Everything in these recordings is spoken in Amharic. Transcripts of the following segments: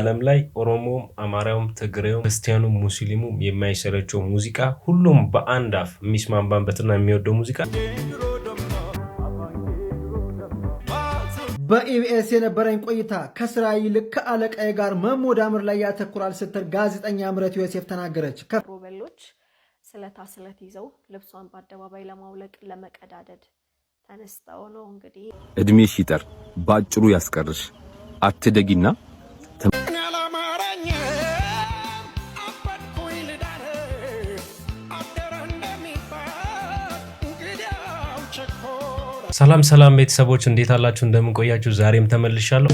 ዓለም ላይ ኦሮሞውም አማራውም ትግሬውም ክርስቲያኑም ሙስሊሙም የማይሰለቸው ሙዚቃ ሁሉም በአንድ አፍ የሚስማማበትና የሚወደው ሙዚቃ በኢቢኤስ የነበረኝ ቆይታ ከስራ ይልቅ ከአለቃዬ ጋር መሞዳምር ላይ ያተኩራል ስትል ጋዜጠኛ ምረት ዮሴፍ ተናገረች። ሮቤሎች ስለታ ስለት ይዘው ልብሷን በአደባባይ ለማውለቅ ለመቀዳደድ ተነስተው ነው እንግዲህ እድሜሽ ይጠር በአጭሩ ያስቀርሽ አትደጊና ሰላም ሰላም ቤተሰቦች እንዴት አላችሁ? እንደምንቆያችሁ ዛሬም ተመልሻለሁ።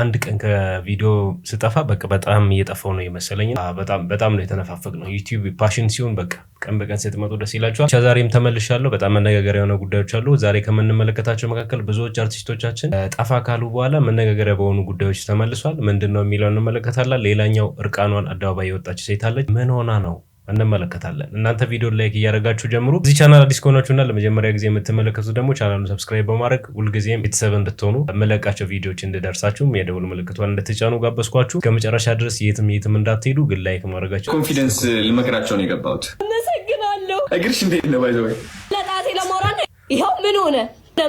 አንድ ቀን ከቪዲዮ ስጠፋ በቃ በጣም እየጠፋው ነው የመሰለኝ። በጣም በጣም ነው የተነፋፈቅ ነው። ዩቲዩብ ፓሽን ሲሆን በቃ ቀን በቀን ስትመጡ ደስ ይላችኋል። ዛሬም ተመልሻለሁ። በጣም መነጋገሪያ የሆነ ጉዳዮች አሉ። ዛሬ ከምንመለከታቸው መካከል ብዙዎች አርቲስቶቻችን ጠፋ ካሉ በኋላ መነጋገሪያ በሆኑ ጉዳዮች ተመልሷል። ምንድን ነው የሚለው እንመለከታለን። ሌላኛው እርቃኗን አደባባይ የወጣች ሴት አለች። ምን ሆና ነው እንመለከታለን። እናንተ ቪዲዮ ላይክ እያደረጋችሁ ጀምሩ። እዚህ ቻናል አዲስ ከሆናችሁና ለመጀመሪያ ጊዜ የምትመለከቱ ደግሞ ቻናሉ ሰብስክራይብ በማድረግ ሁልጊዜም ቤተሰብ እንድትሆኑ የምለቃቸው ቪዲዮዎች እንድደርሳችሁም የደውል ምልክቷን እንድትጫኑ ጋበዝኳችሁ። ከመጨረሻ ድረስ የትም የትም እንዳትሄዱ፣ ግን ላይክ ማድረጋቸው ኮንፊደንስ ልመክራቸው ነው የገባሁት። አመሰግናለሁ። እግርሽ እንዴት ነው? ባይዘ ለጣቴ ለሞራ ይኸው ምን ሆነ?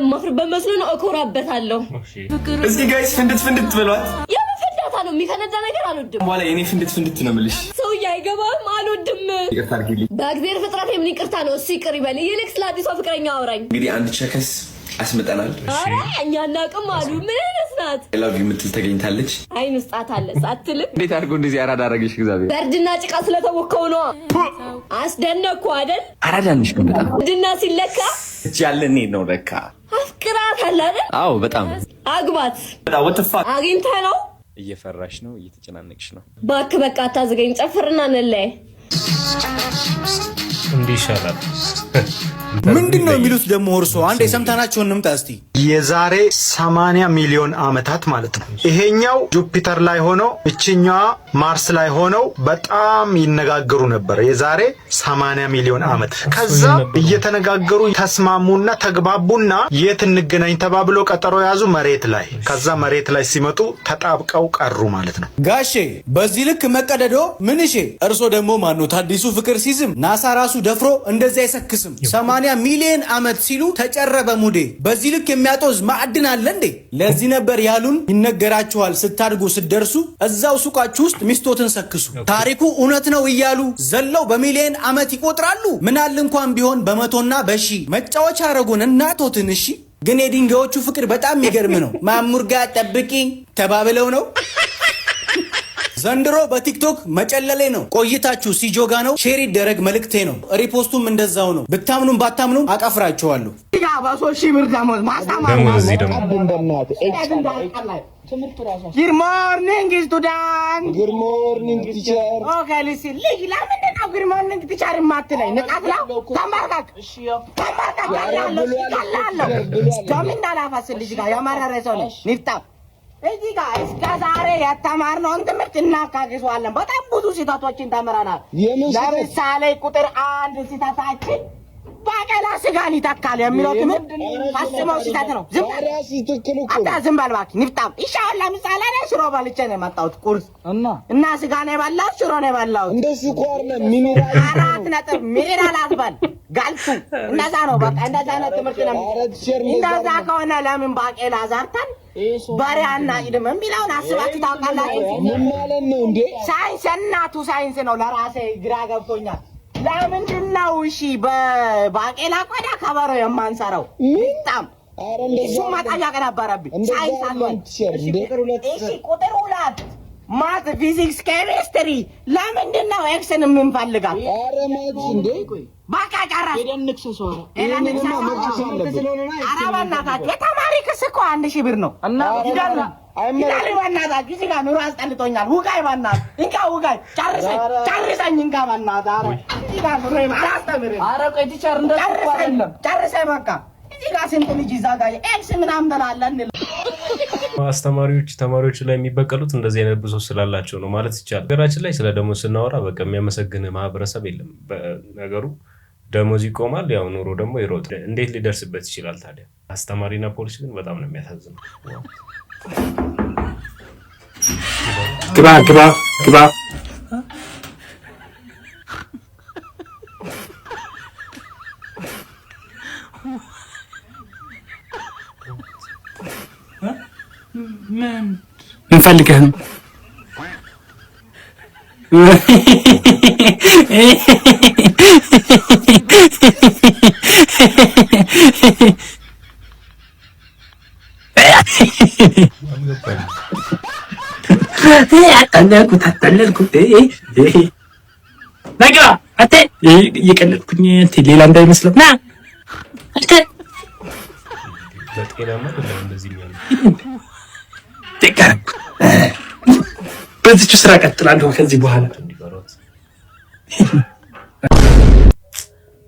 ማፍርበት መስሎ ነው። እኮራበታለሁ። እዚህ ጋይስ ፍንድት ፍንድት ብሏት እፈራታለሁ። የሚፈነዳ ነገር አልወድም። በኋላ የኔ ፍንድት ፍንድት ነው የምልሽ። ሰው አይገባም፣ አልወድም። ይቅርታ አድርጊልኝ። በእግዜር ፍጥረት የምን ይቅርታ ነው? እሱ ይቅር ይበል። ይልቅ ስለ አዲሷ ፍቅረኛ አውራኝ። እንግዲህ አንድ ቸከስ አስመጠናል። ኧረ እኛ እናቅም አሉ። ምን አይነት ናት? ላ የምትል ተገኝታለች። አይን ስጣት አለ ሳትልም እንዴት አድርጎ እንደዚህ አራዳ አደረገሽ? እግዚአብሔር በእርድና ጭቃ ስለተወከው ነ አስደነኩ አደል? አራዳንሽ ግን በጣም እርድና ሲለካ ያለ እጃለኔ ነው ለካ አፍቅራት አለ አይደል? አዎ በጣም አግባት ወትፋ አግኝተ ነው እየፈራሽ ነው፣ እየተጨናነቅሽ ነው። እባክህ በቃ አታዘገኝ። ጨፍርና እንለያይ እንዲህ ይሻላል። ምንድን ነው የሚሉት ደግሞ? እርሶ አንድ የሰምተናቸውን እንምጣ እስቲ። የዛሬ 80 ሚሊዮን ዓመታት ማለት ነው። ይሄኛው ጁፒተር ላይ ሆነው እችኛዋ ማርስ ላይ ሆነው በጣም ይነጋገሩ ነበር። የዛሬ 80 ሚሊዮን ዓመት ከዛ እየተነጋገሩ ተስማሙና ተግባቡና የት እንገናኝ ተባብሎ ቀጠሮ ያዙ መሬት ላይ። ከዛ መሬት ላይ ሲመጡ ተጣብቀው ቀሩ ማለት ነው። ጋሼ በዚህ ልክ መቀደዶ ምንሼ። እርሶ ደግሞ ማኖት አዲሱ ፍቅር ሲዝም ናሳ ራሱ ደፍሮ እንደዚህ አይሰክስም። 80 ሚሊዮን ዓመት ሲሉ ተጨረበ ሙዴ። በዚህ ልክ የሚያጦዝ ማዕድን አለ እንዴ? ለዚህ ነበር ያሉን። ይነገራችኋል ስታድጉ ስደርሱ፣ እዛው ሱቃችሁ ውስጥ ሚስቶትን ሰክሱ። ታሪኩ እውነት ነው እያሉ ዘለው በሚሊዮን ዓመት ይቆጥራሉ። ምናል እንኳን ቢሆን በመቶና በሺ መጫወቻ አረጉን እናቶትን። እሺ ግን የድንጋዮቹ ፍቅር በጣም የሚገርም ነው። ማሙር ጠብቂ ተባብለው ነው ዘንድሮ በቲክቶክ መጨለሌ ነው። ቆይታችሁ ሲጆጋ ነው። ሼር ይደረግ መልእክቴ ነው። ሪፖስቱም እንደዛው ነው። ብታምኑም ባታምኑም አቀፍራችኋለሁ። ስቱዳንት ቲቸር ልጅ ለምንድን ነው ቲቸር የማትለኝ? ንቃት ተንበርከክ ተንበርከክ ያለው ከምን ልጅ ጋር ሰው እዚህ ጋር እስከ ዛሬ የተማርነውን ትምህርት እናካክሰዋለን። በጣም ብዙ ስህተቶችን ተምረናል። ለምሳሌ ቁጥር አንድ ስህተታችን ባቄላ ስጋን ይተካል የሚለው ትምህርት አስመው ስህተት ነው። ዝም በል እባክህ ንፍጣም ይሻላል። ለምሳሌ እኔ ሽሮ በልቼ ነው የመጣሁት ቁርስ እና ስጋ ነው የበላሁት፣ ሽሮ ነው የበላሁት። እንደ ስኳር ነው ሚኒራል አራት ነጥብ ሚኒራል አትበል ጋልቱ። እንደዛ ነው በቃ እንደዛ ነው ትምህርት ነው። እንደዛ ከሆነ ለምን ባቄላ ዛርተን ባሪያና ኢድም የሚለውን አስባችሁ ታውቃላችሁ? ምን ማለት ነው እንዴ? ሳይንስ እናቱ ሳይንስ ነው። ለራሴ ግራ ገብቶኛል። ለምንድን ነው እሺ በባቄላ ቆዳ ከበሮ የማንሰራው? ይጣም እሱ መጠየቅ ነበረብኝ። ቁጥር ሁለት ማት፣ ፊዚክስ፣ ኬሚስትሪ ለምንድን ነው ኤክስን የምንፈልጋት? በቃ ጨረስኩ። የተማሪ ክስ እኮ አንድ ሺህ ብር ነው። ይቀሪ እዚህ ጋር ኑሮ አስጠልቶኛል። ውጋይ ባናት እንካ፣ ውጋይ ጨርሰኝ፣ ጨርሰኝ እንካ ባናት። እዚህ ጋር ኑሮ ቆይ ቲቸር ጨርሰኝ በቃ። እዚህ ጋር ስንት ልጅ እዛ ጋር ኤክስ ምናምን አስተማሪዎች ተማሪዎች ላይ የሚበቀሉት እንደዚህ አይነት ብሶ ስላላቸው ነው ማለት ይቻላል። ሀገራችን ላይ ስለ ደሞዝ ስናወራ በቃ የሚያመሰግን ማህበረሰብ የለም በነገሩ ደሞዝ ይቆማል። ያው ኑሮ ደግሞ ይሮጥ። እንዴት ሊደርስበት ይችላል ታዲያ? አስተማሪና ፖሊስ ግን በጣም ነው የሚያሳዝነው። ግባ ግባ ግባ። እንፈልገህ ነው አጣለልኩት አጣለልኩት። ነገ አንተ እየቀለድኩኝ አንተ ሌላ እንዳይመስለው ና በዚች ስራ ቀጥላለሁ ከዚህ በኋላ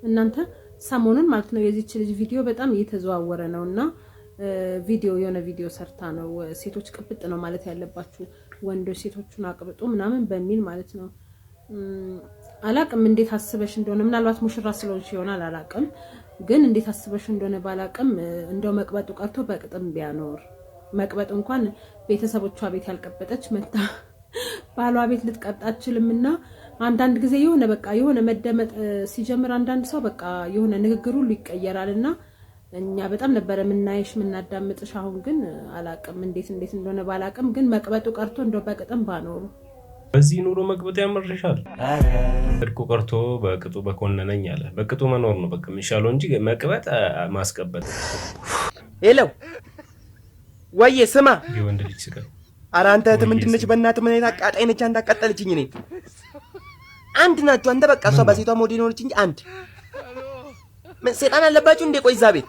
እናንተ ሰሞኑን ማለት ነው የዚች ልጅ ቪዲዮ በጣም እየተዘዋወረ ነው እና ቪዲዮ የሆነ ቪዲዮ ሰርታ ነው ሴቶች ቅብጥ ነው ማለት ያለባችሁ ወንዶች ሴቶቹን አቅብጡ ምናምን በሚል ማለት ነው። አላቅም እንዴት አስበሽ እንደሆነ ምናልባት ሙሽራ ስለሆንሽ ይሆናል አላቅም። ግን እንዴት አስበሽ እንደሆነ ባላቅም እንደው መቅበጡ ቀርቶ በቅጥም ቢያኖር መቅበጡ እንኳን ቤተሰቦቿ ቤት ያልቀበጠች መታ ባሏ ቤት ልትቀብጥ አትችልም እና አንዳንድ ጊዜ የሆነ በቃ የሆነ መደመጥ ሲጀምር አንዳንድ ሰው በቃ የሆነ ንግግር ሁሉ ይቀየራል እና እኛ በጣም ነበረ የምናየሽ የምናዳምጥሽ። አሁን ግን አላቅም እንዴት እንዴት እንደሆነ ባላቅም፣ ግን መቅበጡ ቀርቶ እንደው በቅጥም ባኖሩ በዚህ ኑሮ መቅበጡ ያመርሻል። እድቁ ቀርቶ በቅጡ በኮነነኝ አለ። በቅጡ መኖር ነው በቃ የሚሻለው እንጂ መቅበጥ ማስቀበጥ ለው ወይ ስማ የወንድ ልጅ ስጋ አራንተ አንተ እህትህ ምንድን ነች? በእናትህ ምን አይነት አቃጣይ ነች? አንተ አቃጠለችኝ እኔ አንድ ናቸው። አንተ በቃ እሷ በሴቷ ሞዴል ሆነች እንጂ አንድ ምን ሰይጣን አለባችሁ እንዴ? ቆይ እዛ ቤት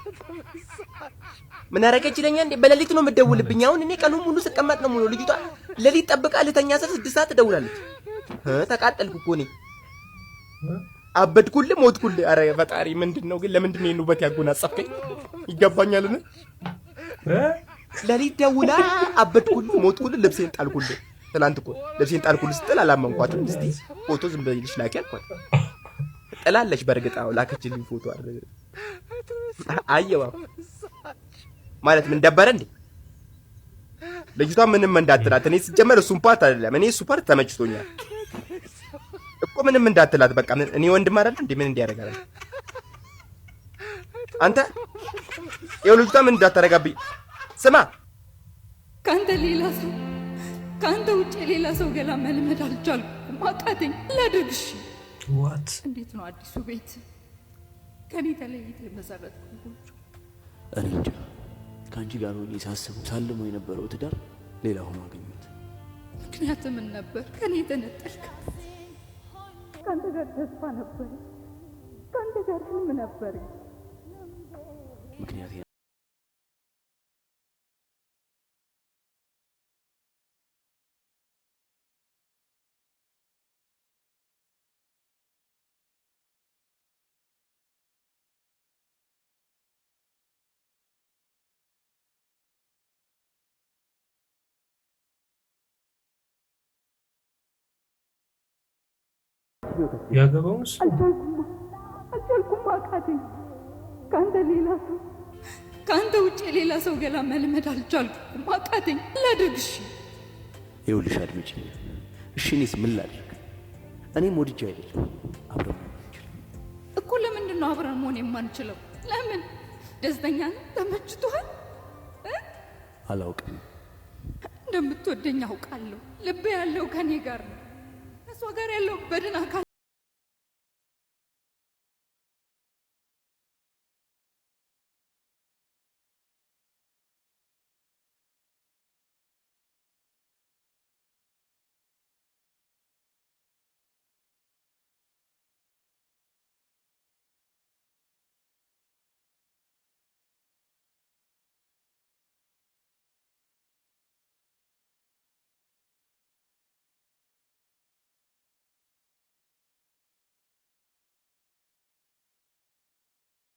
ምን አደረገች ይለኛል እንዴ? በሌሊት ነው የምትደውልብኝ። አሁን እኔ ቀኑን ሙሉ ስቀመጥ ነው ሙሉ ልጅቷ ሌሊት ጠብቃ ልተኛ ስል ስድስት ሰዓት ትደውላለች። ተቃጠልኩ እኮ እኔ አበድኩልህ፣ ሞትኩልህ። አረ ፈጣሪ ምንድን ነው ግን? ለምንድን ነው ይሄን ውበት ያጎናጸፍከኝ? ይገባኛልን? ለሊት ደውላ አበድኩልህ፣ ሞትኩልህ፣ ልብሴን ጣልኩልህ ትላንት እኮ ልብሴን ጣልኩልህ ስትል አላመንኳትም። እስቲ ፎቶ ዝም ብለሽ ላኪ አልኳት። ጥላለች። በእርግጥ አዎ ላከችልኝ ፎቶ አየዋ ማለት ምን ደበረ እንዴ? ልጅቷ ምንም እንዳትላት። እኔ ስጀመር እሱን ፓርት አይደለም እኔ እሱ ፓርት ተመችቶኛል እኮ ምንም እንዳትላት። በቃ እኔ ወንድም አይደል እንዴ? ምን እንዲያደርጋል አንተ ይኸው ልጅቷ ምን እንዳታረጋብኝ። ስማ ከአንተ ሌላ ሰው ከአንተ ውጭ የሌላ ሰው ገላ መልመድ አልቻልኩም። አቃተኝ። ላድርግሽ ዋት እንዴት ነው አዲሱ ቤት? ከኔ ተለይተ የመሰረት ጎጆ እኔ እንጃ። ከአንቺ ጋር ሆኜ ሳስበው ሳልሞ የነበረው ትዳር ሌላ ሆኖ አገኘሁት። ምክንያት ምን ነበር? ከኔ የተነጠልክ ከአንተ ጋር ተስፋ ነበር፣ ከአንተ ጋር ህልም ነበር ምክንያት ያገባውንስ አልቻልኩማ፣ አልቻልኩማ አቃተኝ። ከአንተ ሌላ ሰው ከአንተ ውጭ የሌላ ሰው ገላ መልመድ አልቻልኩም፣ አቃተኝ። ላድርግሽ ይኸውልሽ፣ አድምጪ። እሺ እኔስ ምን ላድርግ? እኔም ወድጄ አይደለም አብረን መሆን አንችልም እኮ። ለምንድን ነው አብረን መሆን የማንችለው? ለምን? ደስተኛ ነው? ተመችቶሃል? አላውቅም። እንደምትወደኝ አውቃለሁ። ልብ ያለው ከኔ ጋር ነው። ከእሷ ጋር ያለው በድን አካል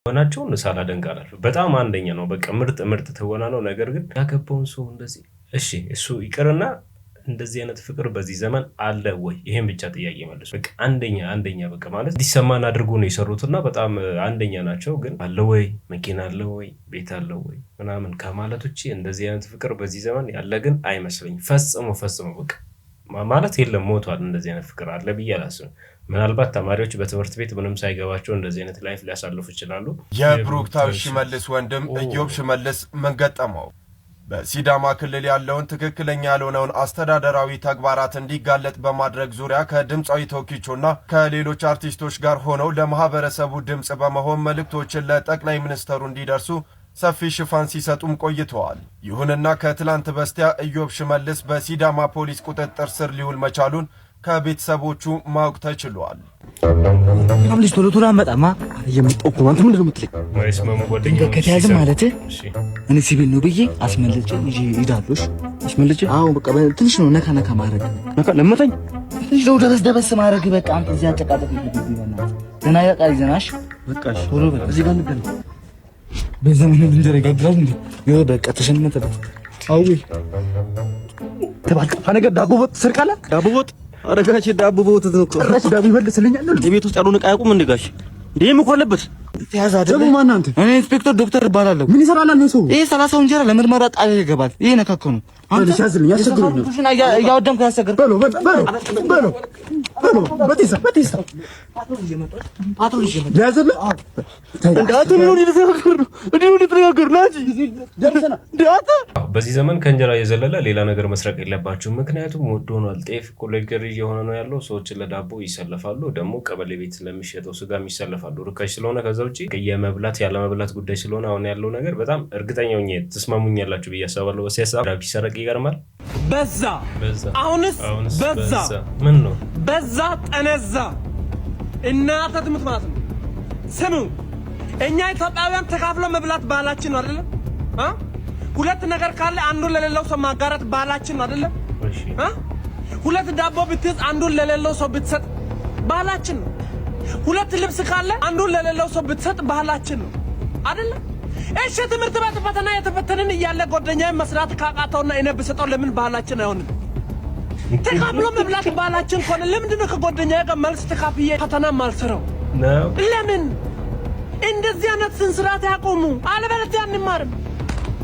ሆናቸውን ሳላደንቅ አላልፍም። በጣም አንደኛ ነው። በቃ ምርጥ ምርጥ ትወና ነው። ነገር ግን ያገባውን ሰው እንደዚህ እሺ፣ እሱ ይቅርና እንደዚህ አይነት ፍቅር በዚህ ዘመን አለ ወይ? ይሄን ብቻ ጥያቄ መልሱ። በቃ አንደኛ አንደኛ በቃ ማለት እንዲሰማን አድርጎ ነው የሰሩትና በጣም አንደኛ ናቸው። ግን አለ ወይ መኪና አለ ወይ ቤት አለ ወይ ምናምን ከማለት ውጭ እንደዚህ አይነት ፍቅር በዚህ ዘመን ያለ ግን አይመስለኝም። ፈጽሞ ፈጽሞ በቃ ማለት የለም ሞቷል። እንደዚህ አይነት ፍቅር አለ ብዬ አላስብም። ምናልባት ተማሪዎች በትምህርት ቤት ምንም ሳይገባቸው እንደዚህ አይነት ላይፍ ሊያሳልፉ ይችላሉ። የብሩክታዊ ሽመልስ ወንድም እዮብ ሽመልስ ምን ገጠመው? በሲዳማ ክልል ያለውን ትክክለኛ ያልሆነውን አስተዳደራዊ ተግባራት እንዲጋለጥ በማድረግ ዙሪያ ከድምፃዊ ቶኪቾና ከሌሎች አርቲስቶች ጋር ሆነው ለማህበረሰቡ ድምፅ በመሆን መልእክቶችን ለጠቅላይ ሚኒስተሩ እንዲደርሱ ሰፊ ሽፋን ሲሰጡም ቆይተዋል። ይሁንና ከትላንት በስቲያ እዮብ ሽመልስ በሲዳማ ፖሊስ ቁጥጥር ስር ሊውል መቻሉን ከቤተሰቦቹ ማወቅ ተችሏል። በጣም ልጅ ቶሎ ቶሎ አመጣማ እየመጣሁ እኮ አንተ ምንድን ነው የምትለኝ? ድንገት ከተያዝን ማለት እኔ ሲቪል ነው ብዬ አስመልጭ ይዤ አስመልጭ። አስመልጬ? አዎ በቃ ትንሽ ነው ነካ ነካ ማድረግ ነካ ለመተኝ ትንሽ ነው ደበስ ደበስ ማድረግ በቃ አንተ እዚህ አጨቃጨቅ ነው ገና ያቃል ዘናሽ በቃ ቶሎ በቃ እዚህ ጋር ንገር በዘመኑ እንደረጋጋል እንዴ ነው በቃ ተሸነተ አዊ ተባልጣፋ ነገር ዳቦ ወጥ ስርቃለ ዳቦ ወጥ አረጋች ዳቦ ቦታ ነው እኮ። ጭራሽ ዳቦ ይበልስልኛል። ቤት ውስጥ ያሉን ዕቃ ያቁም እንዴ ጋሽ? እንዴ ምን አለበት እኔ ኢንስፔክተር ዶክተር እባላለሁ። ምን ሰው ይሄ እንጀራ ለምርመራ ጣቢያ ይገባል። ይሄ ነካከው ነው። በዚህ ዘመን ከእንጀራ እየዘለለ ሌላ ነገር መስረቅ የለባቸው። ምክንያቱም ውድ ሆኗል። ጤፍ ኮሌጅገር እየሆነ ነው ያለው። ሰዎችን ለዳቦ ይሰለፋሉ። ደግሞ ቀበሌ ቤት ለሚሸጠው ስጋም ይሰለፋሉ። ርካሽ ስለሆነ ከዘ ውጭ የመብላት ያለመብላት ጉዳይ ስለሆነ አሁን ያለው ነገር በጣም እርግጠኛ ሆኜ ትስማሙኝ ያላችሁ ብዬ አስባለሁ። በሲያሳብ ዳኪ ይገርማል። በዛ አሁንስ በዛ ምን ነው በዛ ጠነዛ እናተት ማለት ነው። ስሙ እኛ ኢትዮጵያውያን ተካፍሎ መብላት ባህላችን ነው አይደለም። ሁለት ነገር ካለ አንዱን ለሌለው ሰው ማጋራት ባህላችን ነው አይደለም። ሁለት ዳቦ ብትይዝ አንዱን ለሌለው ሰው ብትሰጥ ባህላችን ነው። ሁለት ልብስ ካለ አንዱን ለሌለው ሰው ብትሰጥ ባህላችን ነው አይደለም? እሺ ትምህርት ቤት ፈተና የተፈተንን እያለ ጓደኛዬን መስራት ካቃተውና እኔ ብሰጠው ለምን ባህላችን አይሆንም? ተካፍሎ መብላት ባህላችን ከሆነ ለምንድነው ነው ከጓደኛዬ ጋር መልስ ተካፍዬ ፈተና ማልስረው? ለምን እንደዚህ አይነት ስንስርዓት ያቆሙ? አለበለዚያ አንማርም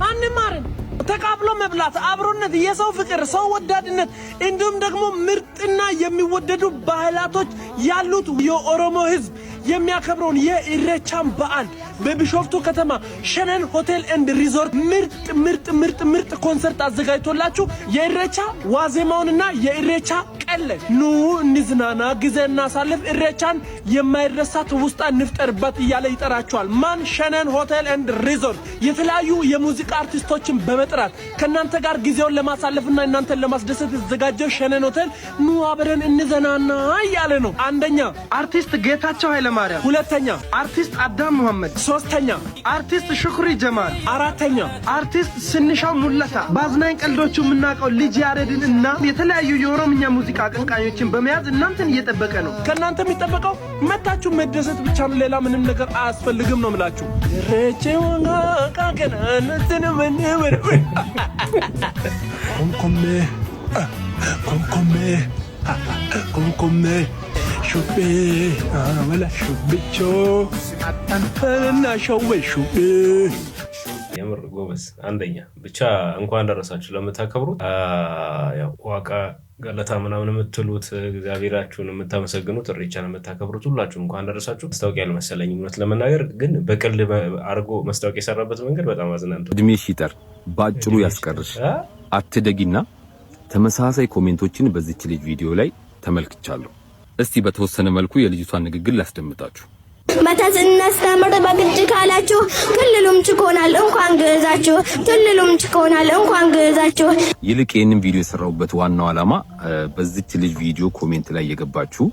አንማርም። ተቃብሎ መብላት፣ አብሮነት፣ የሰው ፍቅር፣ ሰው ወዳድነት እንዲሁም ደግሞ ምርጥና የሚወደዱ ባህላቶች ያሉት የኦሮሞ ህዝብ የሚያከብረውን የኢሬቻን በዓል በቢሾፍቱ ከተማ ሸነን ሆቴል ኤንድ ሪዞርት ምርጥ ምርጥ ምርጥ ምርጥ ኮንሰርት አዘጋጅቶላችሁ የኢሬቻ ዋዜማውንና የኢሬቻ እንጠብቃለን። ኑ እንዝናና፣ ጊዜ እናሳልፍ፣ እሬቻን የማይረሳት ውስጣ እንፍጠርበት እያለ ይጠራቸዋል። ማን ሸነን ሆቴል ኤንድ ሪዞርት የተለያዩ የሙዚቃ አርቲስቶችን በመጥራት ከእናንተ ጋር ጊዜውን ለማሳለፍና እናንተን ለማስደሰት የተዘጋጀው ሸነን ሆቴል ኑ አብረን እንዘናና እያለ ነው። አንደኛ አርቲስት ጌታቸው ኃይለማርያም፣ ሁለተኛ አርቲስት አዳም መሐመድ፣ ሶስተኛ አርቲስት ሽኩሪ ጀማል፣ አራተኛ አርቲስት ስንሻው ሙለታ። በአዝናኝ ቀልዶቹ የምናውቀው ልጅ ያሬድን እና የተለያዩ የኦሮምኛ ሙዚቃ አቀንቃኞችን በመያዝ እናንተን እየጠበቀ ነው። ከእናንተ የሚጠበቀው መታችሁ መደሰት ብቻ ነው። ሌላ ምንም ነገር አያስፈልግም ነው ምላችሁ። ኮምኮሜ ሹቤ አመላ ሹቤ የምር ጎበዝ አንደኛ። ብቻ እንኳን ደረሳችሁ ለምታከብሩት ዋቃ ገለታ ምናምን የምትሉት እግዚአብሔራችሁን የምታመሰግኑት እሬቻን የምታከብሩት ሁላችሁ እንኳን ደረሳችሁ። ማስታወቂያ አልመሰለኝም እውነት ለመናገር ግን በቅል አድርጎ ማስታወቂያ የሰራበት መንገድ በጣም አዝናለሁ። እድሜሽ ይጠር በአጭሩ ያስቀርሽ አትደጊና ተመሳሳይ ኮሜንቶችን በዚች ልጅ ቪዲዮ ላይ ተመልክቻለሁ። እስቲ በተወሰነ መልኩ የልጅቷን ንግግር ላስደምጣችሁ። መተት እናስተምር በግድ ካላችሁ ክልሉም ችኮናል እንኳን ግዛችሁ ክልሉም ችኮናል እንኳን ግዛችሁ። ይልቅ ይህንን ቪዲዮ የሰራሁበት ዋናው ዓላማ በዚች ልጅ ቪዲዮ ኮሜንት ላይ የገባችሁ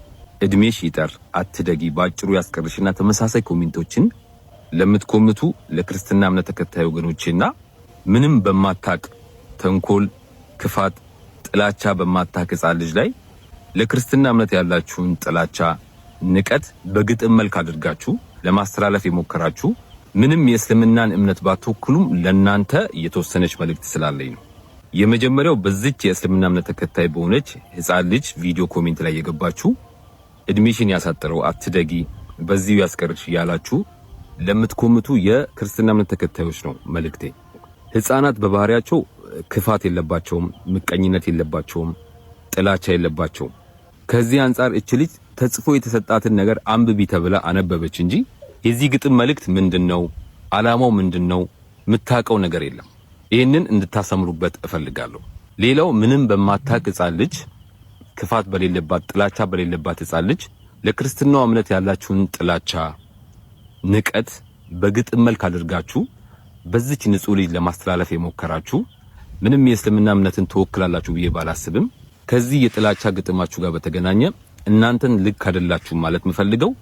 እድሜሽ ይጠር አትደጊ በአጭሩ ያስቀርሽና ተመሳሳይ ኮሜንቶችን ለምትኮምቱ ለክርስትና እምነት ተከታይ ወገኖቼና ምንም በማታቅ ተንኮል፣ ክፋት፣ ጥላቻ በማታቅ ሕፃን ልጅ ላይ ለክርስትና እምነት ያላችሁን ጥላቻ ንቀት በግጥም መልክ አድርጋችሁ ለማስተላለፍ የሞከራችሁ ምንም የእስልምናን እምነት ባትወክሉም ለእናንተ የተወሰነች መልእክት ስላለኝ ነው። የመጀመሪያው በዚች የእስልምና እምነት ተከታይ በሆነች ህፃን ልጅ ቪዲዮ ኮሜንት ላይ የገባችሁ እድሜሽን ያሳጠረው አትደጊ፣ በዚሁ ያስቀርሽ እያላችሁ ለምትኮምቱ የክርስትና እምነት ተከታዮች ነው መልእክቴ። ህፃናት በባህሪያቸው ክፋት የለባቸውም፣ ምቀኝነት የለባቸውም፣ ጥላቻ የለባቸውም። ከዚህ አንጻር እች ልጅ ተጽፎ የተሰጣትን ነገር አንብቢ ተብላ አነበበች እንጂ የዚህ ግጥም መልእክት ምንድነው? አላማው ምንድነው? የምታውቀው ነገር የለም። ይህንን እንድታሰምሩበት እፈልጋለሁ። ሌላው ምንም በማታቅ ሕፃን ልጅ፣ ክፋት በሌለባት ጥላቻ በሌለባት ህፃን ልጅ ለክርስትናው እምነት ያላችሁን ጥላቻ፣ ንቀት በግጥም መልክ አድርጋችሁ በዚች ንጹህ ልጅ ለማስተላለፍ የሞከራችሁ ምንም የእስልምና እምነትን ትወክላላችሁ ብዬ ባላስብም ከዚህ የጥላቻ ግጥማችሁ ጋር በተገናኘ እናንተን ልክ አይደላችሁ ማለት የምፈልገው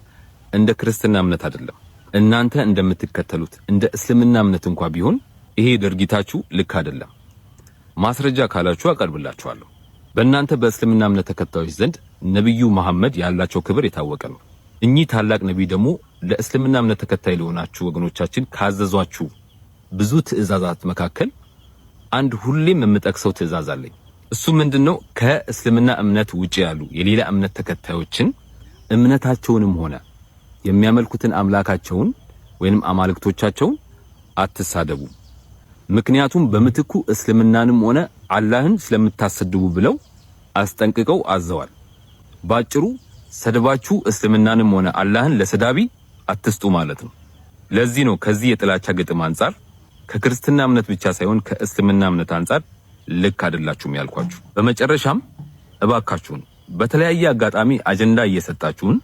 እንደ ክርስትና እምነት አይደለም። እናንተ እንደምትከተሉት እንደ እስልምና እምነት እንኳ ቢሆን ይሄ ድርጊታችሁ ልክ አይደለም። ማስረጃ ካላችሁ አቀርብላችኋለሁ። በእናንተ በእስልምና እምነት ተከታዮች ዘንድ ነብዩ መሐመድ ያላቸው ክብር የታወቀ ነው። እኚህ ታላቅ ነቢይ ደግሞ ለእስልምና እምነት ተከታይ ለሆናችሁ ወገኖቻችን ካዘዟችሁ ብዙ ትዕዛዛት መካከል አንድ ሁሌም የምጠቅሰው ትዕዛዝ አለኝ። እሱ ምንድን ነው? ከእስልምና እምነት ውጪ ያሉ የሌላ እምነት ተከታዮችን እምነታቸውንም ሆነ የሚያመልኩትን አምላካቸውን ወይንም አማልክቶቻቸውን አትሳደቡ። ምክንያቱም በምትኩ እስልምናንም ሆነ አላህን ስለምታሰድቡ ብለው አስጠንቅቀው አዘዋል። ባጭሩ ሰድባችሁ እስልምናንም ሆነ አላህን ለሰዳቢ አትስጡ ማለት ነው። ለዚህ ነው ከዚህ የጥላቻ ግጥም አንጻር ከክርስትና እምነት ብቻ ሳይሆን ከእስልምና እምነት አንጻር ልክ አይደላችሁም ያልኳችሁ። በመጨረሻም እባካችሁን በተለያየ አጋጣሚ አጀንዳ እየሰጣችሁን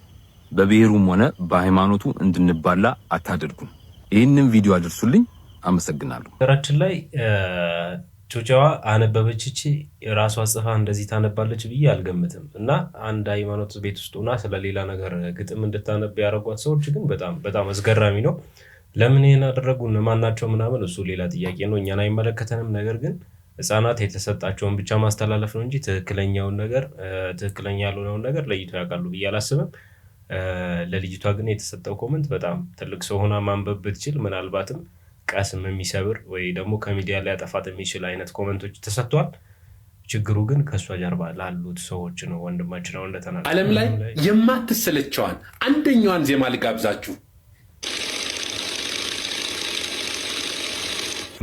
በብሔሩም ሆነ በሃይማኖቱ እንድንባላ አታደርጉም። ይህንን ቪዲዮ አድርሱልኝ። አመሰግናለሁ። ነገራችን ላይ ጩጫዋ አነበበች እቺ ራሷ ጽፋ እንደዚህ ታነባለች ብዬ አልገምትም። እና አንድ ሃይማኖት ቤት ውስጥ ሆና ስለሌላ ነገር ግጥም እንድታነብ ያደረጓት ሰዎች ግን በጣም በጣም አስገራሚ ነው። ለምን ይህን አደረጉ? እነማን ናቸው? ምናምን እሱ ሌላ ጥያቄ ነው፣ እኛን አይመለከተንም። ነገር ግን ህጻናት የተሰጣቸውን ብቻ ማስተላለፍ ነው እንጂ ትክክለኛውን ነገር ትክክለኛ ያልሆነውን ነገር ለይቶ ያውቃሉ ብዬ አላስብም። ለልጅቷ ግን የተሰጠው ኮመንት በጣም ትልቅ ሰው ሆና ማንበብ ብትችል ምናልባትም ቀስም የሚሰብር ወይ ደግሞ ከሚዲያ ሊያጠፋት የሚችል አይነት ኮመንቶች ተሰጥቷል። ችግሩ ግን ከእሷ ጀርባ ላሉት ሰዎች ነው። ወንድማችን አሁን እንደተናገረ ዓለም ላይ የማትሰለቸዋን አንደኛዋን ዜማ ልጋብዛችሁ።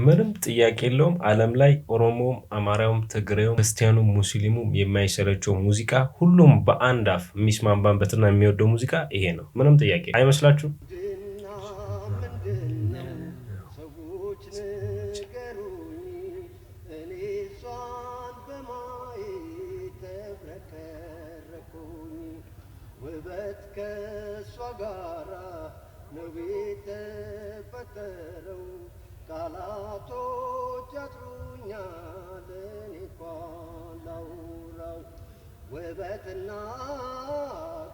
ምንም ጥያቄ የለውም። አለም ላይ ኦሮሞም፣ አማራውም፣ ትግሬውም፣ ክርስቲያኑም፣ ሙስሊሙም የማይሰለቸው ሙዚቃ ሁሉም በአንድ አፍ የሚስማማበትና የሚወደው ሙዚቃ ይሄ ነው። ምንም ጥያቄ አይመስላችሁም? ቃላቶች ያጥሩኛል እኔ እንኳን ላውራው ውበትና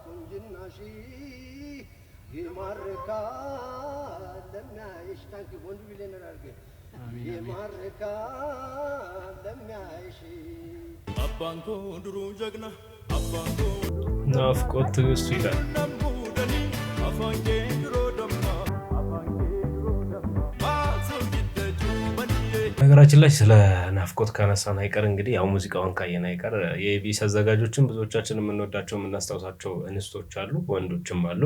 ቁንጅናሽ ይማርካል ለሚያይሽ ታንክ ወንዱ ቢሊዮነር አድርገ ይማርካል ለሚያይሽ አባንኮ ድሮ ጀግና አባንኮ ናፍቆት ትግስቱ ይላል አፋንጌ ድሮ በነገራችን ላይ ስለ ናፍቆት ካነሳን አይቀር እንግዲህ ያው ሙዚቃውን ካየን አይቀር የኢቢኤስ አዘጋጆችን ብዙዎቻችን የምንወዳቸው የምናስታውሳቸው እንስቶች አሉ፣ ወንዶችም አሉ።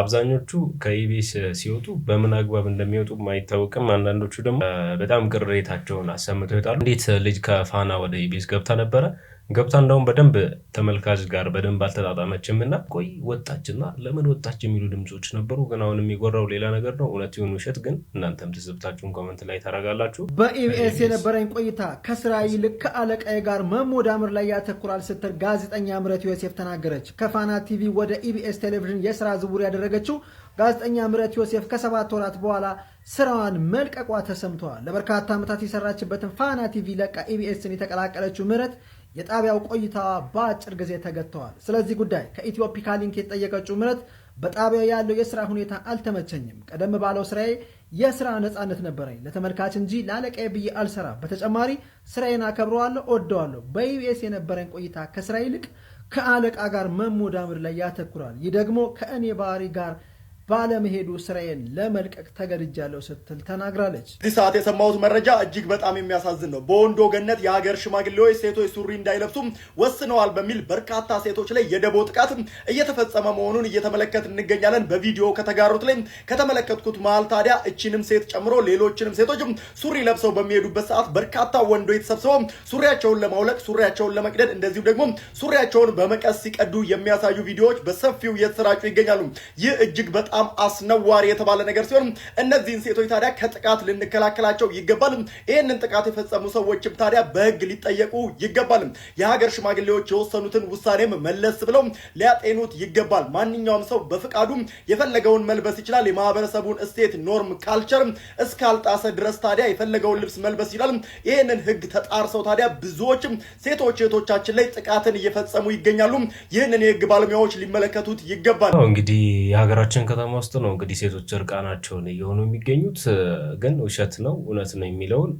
አብዛኞቹ ከኢቢኤስ ሲወጡ በምን አግባብ እንደሚወጡ አይታወቅም። አንዳንዶቹ ደግሞ በጣም ቅሬታቸውን አሰምተው ይወጣሉ። እንዴት ልጅ ከፋና ወደ ኢቢኤስ ገብታ ነበረ ገብታ እንደውም በደንብ ተመልካች ጋር በደንብ አልተጣጣመችም እና ቆይ ወጣችና ለምን ወጣች የሚሉ ድምፆች ነበሩ። ግን አሁን የሚጎራው ሌላ ነገር ነው፣ እውነት ይሁን ውሸት። ግን እናንተም ትዝብታችሁን ኮመንት ላይ ታደርጋላችሁ። በኢቢኤስ የነበረኝ ቆይታ ከስራ ይልቅ ከአለቃዬ ጋር መሞዳምር ላይ ያተኩራል ስትል ጋዜጠኛ ምረት ዮሴፍ ተናገረች። ከፋና ቲቪ ወደ ኢቢኤስ ቴሌቪዥን የስራ ዝውውር ያደረገችው ጋዜጠኛ ምረት ዮሴፍ ከሰባት ወራት በኋላ ስራዋን መልቀቋ ተሰምተዋል። ለበርካታ ዓመታት የሰራችበትን ፋና ቲቪ ለቃ ኢቢኤስን የተቀላቀለችው ምረት የጣቢያው ቆይታ በአጭር ጊዜ ተገጥተዋል። ስለዚህ ጉዳይ ከኢትዮፒካ ሊንክ የተጠየቀችው ምረት በጣቢያው ያለው የስራ ሁኔታ አልተመቸኝም። ቀደም ባለው ስራዬ የስራ ነፃነት ነበረኝ። ለተመልካች እንጂ ለአለቃዬ ብዬ አልሰራ። በተጨማሪ ስራዬን አከብረዋለሁ፣ ወደዋለሁ። በዩኤስ የነበረኝ ቆይታ ከስራ ይልቅ ከአለቃ ጋር መሞዳምድ ላይ ያተኩራል። ይህ ደግሞ ከእኔ ባህሪ ጋር ባለመሄዱ ስራዬን ለመልቀቅ ተገድጃለሁ ስትል ተናግራለች። እዚህ ሰዓት የሰማሁት መረጃ እጅግ በጣም የሚያሳዝን ነው። በወንዶ ገነት የሀገር ሽማግሌዎች ሴቶች ሱሪ እንዳይለብሱ ወስነዋል በሚል በርካታ ሴቶች ላይ የደቦ ጥቃት እየተፈጸመ መሆኑን እየተመለከት እንገኛለን። በቪዲዮ ከተጋሩት ላይ ከተመለከትኩት መሀል ታዲያ እችንም ሴት ጨምሮ ሌሎችንም ሴቶች ሱሪ ለብሰው በሚሄዱበት ሰዓት በርካታ ወንዶች የተሰብስበው ሱሪያቸውን ለማውለቅ፣ ሱሪያቸውን ለመቅደድ እንደዚሁም ደግሞ ሱሪያቸውን በመቀስ ሲቀዱ የሚያሳዩ ቪዲዮዎች በሰፊው እየተሰራጩ ይገኛሉ። ይህ እጅግ በጣም በጣም አስነዋሪ የተባለ ነገር ሲሆን እነዚህን ሴቶች ታዲያ ከጥቃት ልንከላከላቸው ይገባል። ይህንን ጥቃት የፈጸሙ ሰዎችም ታዲያ በህግ ሊጠየቁ ይገባል። የሀገር ሽማግሌዎች የወሰኑትን ውሳኔም መለስ ብለው ሊያጤኑት ይገባል። ማንኛውም ሰው በፍቃዱ የፈለገውን መልበስ ይችላል። የማህበረሰቡን እሴት፣ ኖርም፣ ካልቸር እስካልጣሰ ድረስ ታዲያ የፈለገውን ልብስ መልበስ ይችላል። ይህንን ህግ ተጣርሰው ታዲያ ብዙዎችም ሴቶች እህቶቻችን ላይ ጥቃትን እየፈጸሙ ይገኛሉ። ይህንን የህግ ባለሙያዎች ሊመለከቱት ይገባል። እንግዲህ የሀገራችን ከተማ ዓለም ነው እንግዲህ ሴቶች እርቃናቸውን እየሆኑ የሚገኙት። ግን ውሸት ነው እውነት ነው የሚለውን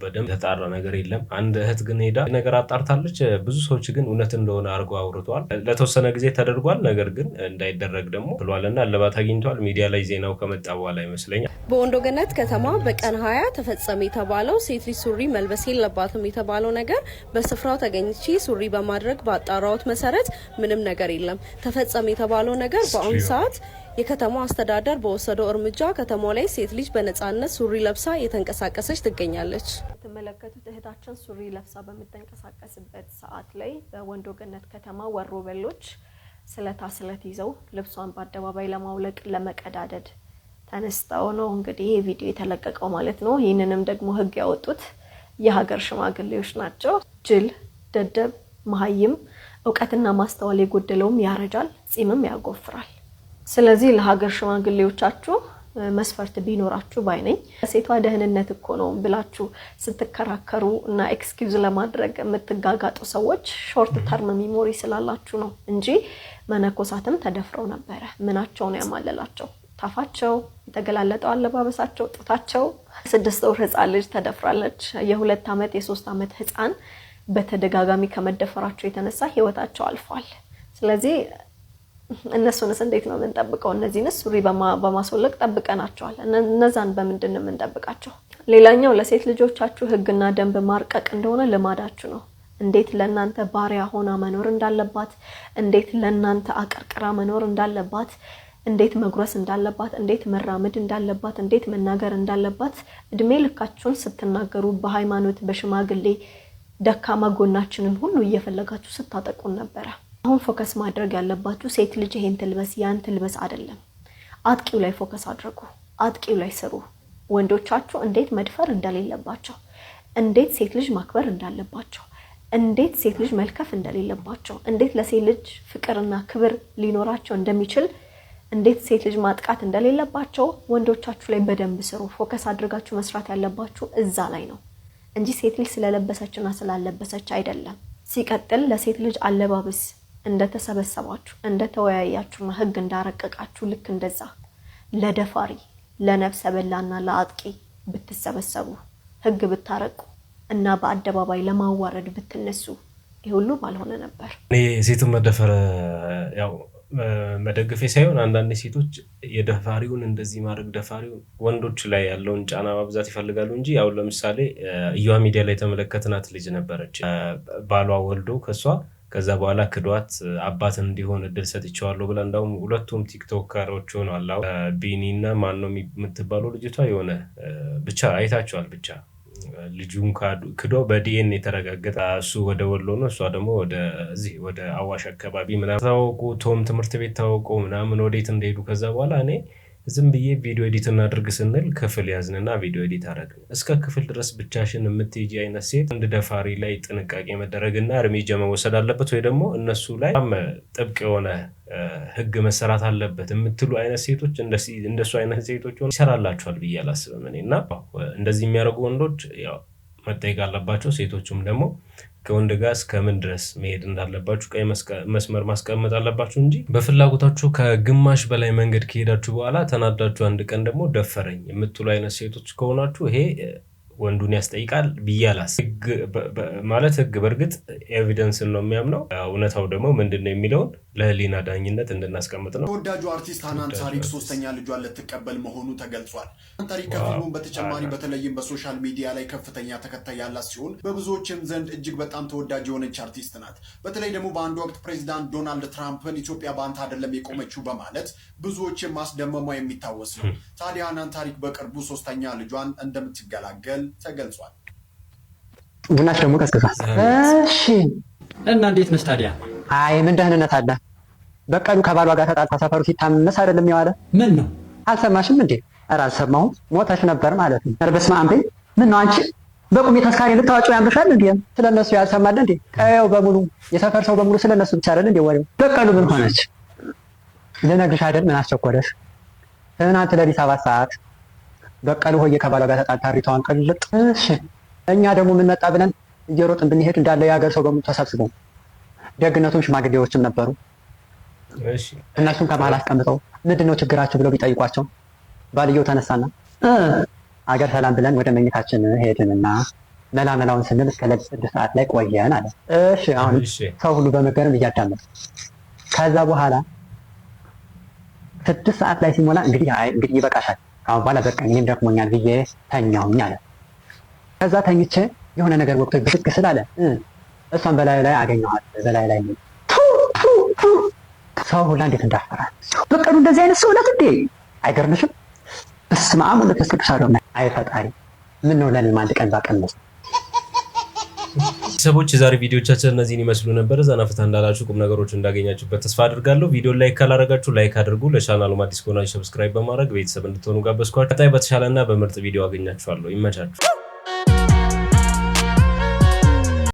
በደንብ የተጣራ ነገር የለም። አንድ እህት ግን ሄዳ ነገር አጣርታለች። ብዙ ሰዎች ግን እውነት እንደሆነ አድርጎ አውርተዋል። ለተወሰነ ጊዜ ተደርጓል። ነገር ግን እንዳይደረግ ደግሞ ብሏልና እልባት አግኝቷል። ሚዲያ ላይ ዜናው ከመጣ በኋላ ይመስለኛል። በወንዶ ገነት ከተማ በቀን ሀያ ተፈጸመ የተባለው ሴት ልጅ ሱሪ መልበስ የለባትም የተባለው ነገር በስፍራው ተገኝቼ ሱሪ በማድረግ ባጣራሁት መሰረት ምንም ነገር የለም ተፈጸመ የተባለው ነገር በአሁኑ ሰዓት የከተማው አስተዳደር በወሰደው እርምጃ ከተማው ላይ ሴት ልጅ በነጻነት ሱሪ ለብሳ እየተንቀሳቀሰች ትገኛለች። የምትመለከቱት እህታችን ሱሪ ለብሳ በምትንቀሳቀስበት ሰዓት ላይ በወንዶ ገነት ከተማ ወሮ በሎች ስለታ ስለት ይዘው ልብሷን በአደባባይ ለማውለቅ ለመቀዳደድ ተነስተው ነው እንግዲህ ይህ ቪዲዮ የተለቀቀው ማለት ነው። ይህንንም ደግሞ ህግ ያወጡት የሀገር ሽማግሌዎች ናቸው። ጅል ደደብ መሀይም እውቀትና ማስተዋል የጎደለውም ያረጃል፣ ፂምም ያጎፍራል። ስለዚህ ለሀገር ሽማግሌዎቻችሁ መስፈርት ቢኖራችሁ ባይ ነኝ። ሴቷ ደህንነት እኮ ነው ብላችሁ ስትከራከሩ እና ኤክስኪውዝ ለማድረግ የምትጋጋጡ ሰዎች ሾርት ተርም ሚሞሪ ስላላችሁ ነው እንጂ መነኮሳትም ተደፍረው ነበረ። ምናቸውን ያማለላቸው ታፋቸው፣ የተገላለጠው አለባበሳቸው፣ ጡታቸው። ስድስት ወር ህፃን ልጅ ተደፍራለች። የሁለት ዓመት የሶስት ዓመት ህፃን በተደጋጋሚ ከመደፈራቸው የተነሳ ህይወታቸው አልፏል። ስለዚህ እነሱንስ እንዴት ነው የምንጠብቀው? እነዚህን ሱሪ በማስወለቅ ጠብቀናቸዋል። እነዛን በምንድን ነው የምንጠብቃቸው? ሌላኛው ለሴት ልጆቻችሁ ህግና ደንብ ማርቀቅ እንደሆነ ልማዳችሁ ነው። እንዴት ለእናንተ ባሪያ ሆና መኖር እንዳለባት፣ እንዴት ለእናንተ አቀርቅራ መኖር እንዳለባት፣ እንዴት መጉረስ እንዳለባት፣ እንዴት መራመድ እንዳለባት፣ እንዴት መናገር እንዳለባት እድሜ ልካችሁን ስትናገሩ በሃይማኖት በሽማግሌ ደካማ ጎናችንን ሁሉ እየፈለጋችሁ ስታጠቁን ነበረ። አሁን ፎከስ ማድረግ ያለባችሁ ሴት ልጅ ይሄን ትልበስ ያን ትልበስ አይደለም። አጥቂው ላይ ፎከስ አድርጉ፣ አጥቂው ላይ ስሩ። ወንዶቻችሁ እንዴት መድፈር እንደሌለባቸው፣ እንዴት ሴት ልጅ ማክበር እንዳለባቸው፣ እንዴት ሴት ልጅ መልከፍ እንደሌለባቸው፣ እንዴት ለሴት ልጅ ፍቅርና ክብር ሊኖራቸው እንደሚችል፣ እንዴት ሴት ልጅ ማጥቃት እንደሌለባቸው ወንዶቻችሁ ላይ በደንብ ስሩ። ፎከስ አድርጋችሁ መስራት ያለባችሁ እዛ ላይ ነው እንጂ ሴት ልጅ ስለለበሰችና ስላለበሰች አይደለም። ሲቀጥል ለሴት ልጅ አለባበስ እንደተሰበሰባችሁ እንደተወያያችሁና ህግ እንዳረቀቃችሁ ልክ እንደዛ ለደፋሪ ለነፍሰ በላና ለአጥቂ ብትሰበሰቡ ህግ ብታረቁ እና በአደባባይ ለማዋረድ ብትነሱ ይህ ሁሉ ባልሆነ ነበር። እኔ ሴትን መደፈር ያው መደገፌ ሳይሆን አንዳንድ ሴቶች የደፋሪውን እንደዚህ ማድረግ ደፋሪው ወንዶች ላይ ያለውን ጫና ማብዛት ይፈልጋሉ እንጂ አሁን ለምሳሌ እዩዋ ሚዲያ ላይ የተመለከትናት ልጅ ነበረች ባሏ ወልዶ ከሷ ከዛ በኋላ ክዷት አባት እንዲሆን እድል ሰጥቼዋለሁ ብላ እንዳውም ሁለቱም ቲክቶከሮች ሆነዋል። ቢኒ እና ማነው የምትባለው ልጅቷ የሆነ ብቻ አይታቸዋል። ብቻ ልጁን ክዶ በዲኤን የተረጋገጠ እሱ ወደ ወሎ ነው፣ እሷ ደግሞ ወደዚህ ወደ አዋሽ አካባቢ ምናምን ታወቁ። ቶም ትምህርት ቤት ታወቁ ምናምን ወዴት እንደሄዱ ከዛ በኋላ እኔ ዝም ብዬ ቪዲዮ ኤዲት እናድርግ ስንል ክፍል ያዝንና ቪዲዮ ኤዲት አረግን። እስከ ክፍል ድረስ ብቻሽን የምትሄጂ አይነት ሴት አንድ ደፋሪ ላይ ጥንቃቄ መደረግና እርምጃ መወሰድ አለበት፣ ወይ ደግሞ እነሱ ላይ ጥብቅ የሆነ ህግ መሰራት አለበት የምትሉ አይነት ሴቶች እንደሱ አይነት ሴቶች ይሰራላችኋል ብዬ አላስብም እኔ እና እንደዚህ የሚያደርጉ ወንዶች መጠየቅ አለባቸው። ሴቶቹም ደግሞ ከወንድ ጋር እስከምን ድረስ መሄድ እንዳለባችሁ ቀይ መስመር ማስቀመጥ አለባችሁ እንጂ በፍላጎታችሁ ከግማሽ በላይ መንገድ ከሄዳችሁ በኋላ ተናዳችሁ አንድ ቀን ደግሞ ደፈረኝ የምትሉ አይነት ሴቶች ከሆናችሁ ይሄ ወንዱን ያስጠይቃል ብያላስ ማለት ህግ በእርግጥ ኤቪደንስን ነው የሚያምነው። እውነታው ደግሞ ምንድን ነው የሚለውን ለህሊና ዳኝነት እንድናስቀምጥ ነው። ተወዳጁ አርቲስት ሀናን ታሪክ ሶስተኛ ልጇን ልትቀበል መሆኑ ተገልጿል። ታሪክ ከፊልሙም በተጨማሪ በተለይም በሶሻል ሚዲያ ላይ ከፍተኛ ተከታይ ያላት ሲሆን በብዙዎችም ዘንድ እጅግ በጣም ተወዳጅ የሆነች አርቲስት ናት። በተለይ ደግሞ በአንድ ወቅት ፕሬዚዳንት ዶናልድ ትራምፕን ኢትዮጵያ በአንተ አይደለም የቆመችው በማለት ብዙዎችን ማስደመሟ የሚታወስ ነው። ታዲያ ሀናን ታሪክ በቅርቡ ሶስተኛ ልጇን እንደምትገላገል ተገልጿል። ቡናሽ ደግሞ ቀስቅሳ እና እንዴት ነሽ ታዲያ አይ ምን ደህንነት አለ? በቀሉ ከባሏ ጋር ተጣልታ ሰፈሩ ሲታመስ አይደለም የዋለ። ምን ነው አልሰማሽም እንዴ? ኧረ አልሰማሁም። ሞተሽ ነበር ማለት ነው። ኧረ በስመ አብ ምን ነው አንቺ በቁም የተስካሪ ልታወጪ ያምርሻል እንዴ? ስለነሱ ያልሰማል እንዴ? ቀየው በሙሉ የሰፈር ሰው በሙሉ ስለነሱ ብቻ አይደል እንዴ ወሬው? በቀሉ ምን ሆነች? ልነግርሽ አይደል ምን አስቸኮለሽ? ትናንት ለሊት ሰባት ሰዓት በቀሉ ሆዬ ከባሏ ጋር ተጣልታ ሪቷን ቅልጥ። እሺ እኛ ደግሞ ምን መጣ ብለን እየሮጥን ብንሄድ እንዳለ የሀገር ሰው በሙሉ ተሰብስበው ደግነቱም ሽማግሌዎችም ነበሩ። እነሱም ከመሀል አስቀምጠው ምንድን ነው ችግራቸው ብለው ቢጠይቋቸው ባልየው ተነሳና አገር ሰላም ብለን ወደ መኝታችን ሄድንና መላመላውን ስንል እስከ ሌሊት ስድስት ሰዓት ላይ ቆየን አለ። እሺ አሁን ሰው ሁሉ በመገረም እያዳመጠ ከዛ በኋላ ስድስት ሰዓት ላይ ሲሞላ እንግዲህ እንግዲህ ይበቃሻል በኋላ በቃ እኔም ደክሞኛል ብዬ ተኛውኝ አለ። ከዛ ተኝቼ የሆነ ነገር ወቅቶች ብስቅ ስል አለ እሷን በላዩ ላይ አገኘኋት። በላዩ ላይ ሰው ሁላ እንዴት እንዳፈራ በቀሉ እንደዚህ አይነት ሰው ለት እንዴ! አይገርምሽም? በስመ አብ ወመንፈስ ቅዱስ አዶ አይ ፈጣሪ ምን ነው ለኔ አንድ ቀን ባቀነስ ሰቦች የዛሬ ቪዲዮቻችን እነዚህን ይመስሉ ነበር። ዘና ፈታ እንዳላችሁ ቁም ነገሮች እንዳገኛችሁበት ተስፋ አድርጋለሁ። ቪዲዮ ላይክ ካላረጋችሁ ላይክ አድርጉ። ለቻናሉ አዲስ ከሆናችሁ ሰብስክራይብ በማድረግ ቤተሰብ እንድትሆኑ ጋበዝኳችሁ። ቀጣይ በተሻለና በምርጥ ቪዲዮ አገኛችኋለሁ። ይመቻችሁ።